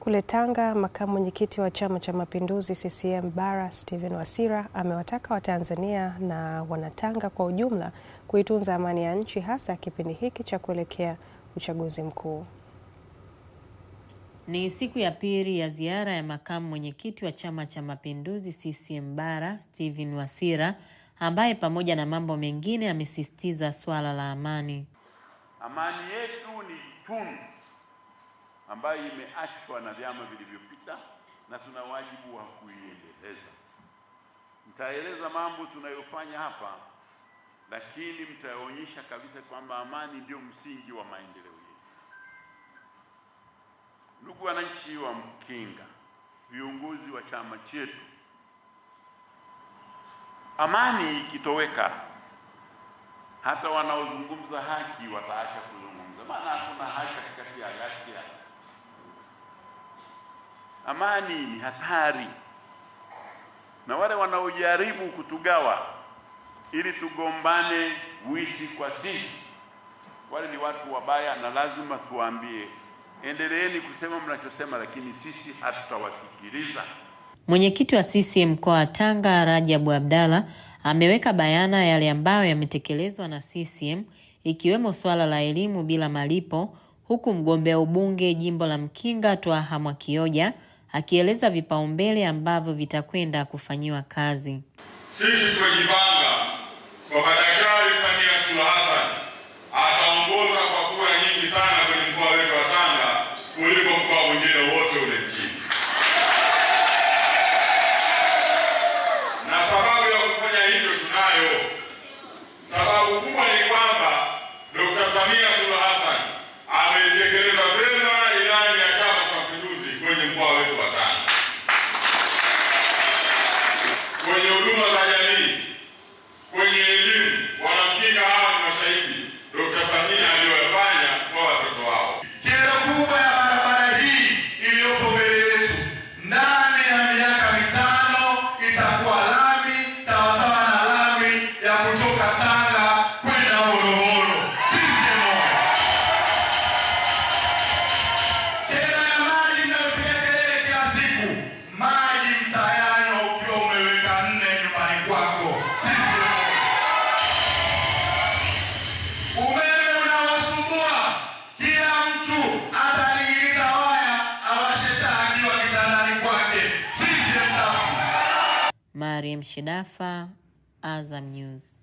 Kule Tanga, makamu mwenyekiti wa Chama cha Mapinduzi CCM Bara Stephen Wasira amewataka Watanzania na Wanatanga kwa ujumla kuitunza amani ya nchi hasa kipindi hiki cha kuelekea uchaguzi mkuu. Ni siku ya pili ya ziara ya makamu mwenyekiti wa Chama cha Mapinduzi CCM Bara Stephen Wasira ambaye pamoja na mambo mengine amesisitiza swala la amani. Amani yetu ni tunu ambayo imeachwa na vyama vilivyopita na tuna wajibu wa kuiendeleza. Mtaeleza mambo tunayofanya hapa, lakini mtaonyesha kabisa kwamba amani ndio msingi wa maendeleo yetu. Ndugu wananchi wa Mkinga, viongozi wa chama chetu, amani ikitoweka, hata wanaozungumza haki wataacha kuzungumza. Amani ni hatari, na wale wanaojaribu kutugawa ili tugombane uishi kwa sisi, wale ni watu wabaya, na lazima tuambie endeleeni kusema mnachosema, lakini sisi hatutawasikiliza. Mwenyekiti wa CCM mkoa wa Tanga, Rajabu Abdalla, ameweka bayana yale ambayo yametekelezwa na CCM ikiwemo swala la elimu bila malipo, huku mgombea ubunge jimbo la Mkinga Twaha Mwakioja akieleza vipaumbele ambavyo vitakwenda kufanyiwa kazi. Sisi tumejipanga kwa madaktari Samia Suluhu Hassan ataongoza kwa kura nyingi sana kwenye mkoa wetu wa Tanga kuliko mkoa mwingine wote ule nchini, na sababu ya kufanya hivyo tunayo. Sababu kubwa ni kwamba Dr. Samia Suluhu Hassan ametekeleza kutoka Tanga kwenda Morogoro. Tena ya maji mnayopiga kelele kila siku, maji mtayanywa ukiwa umeweka nne nyumbani kwako. Umeme unawasumbua kila mtu, ataningiliza waya awashe akiwa kitandani kwake. Mariam Shidafa, Azam News.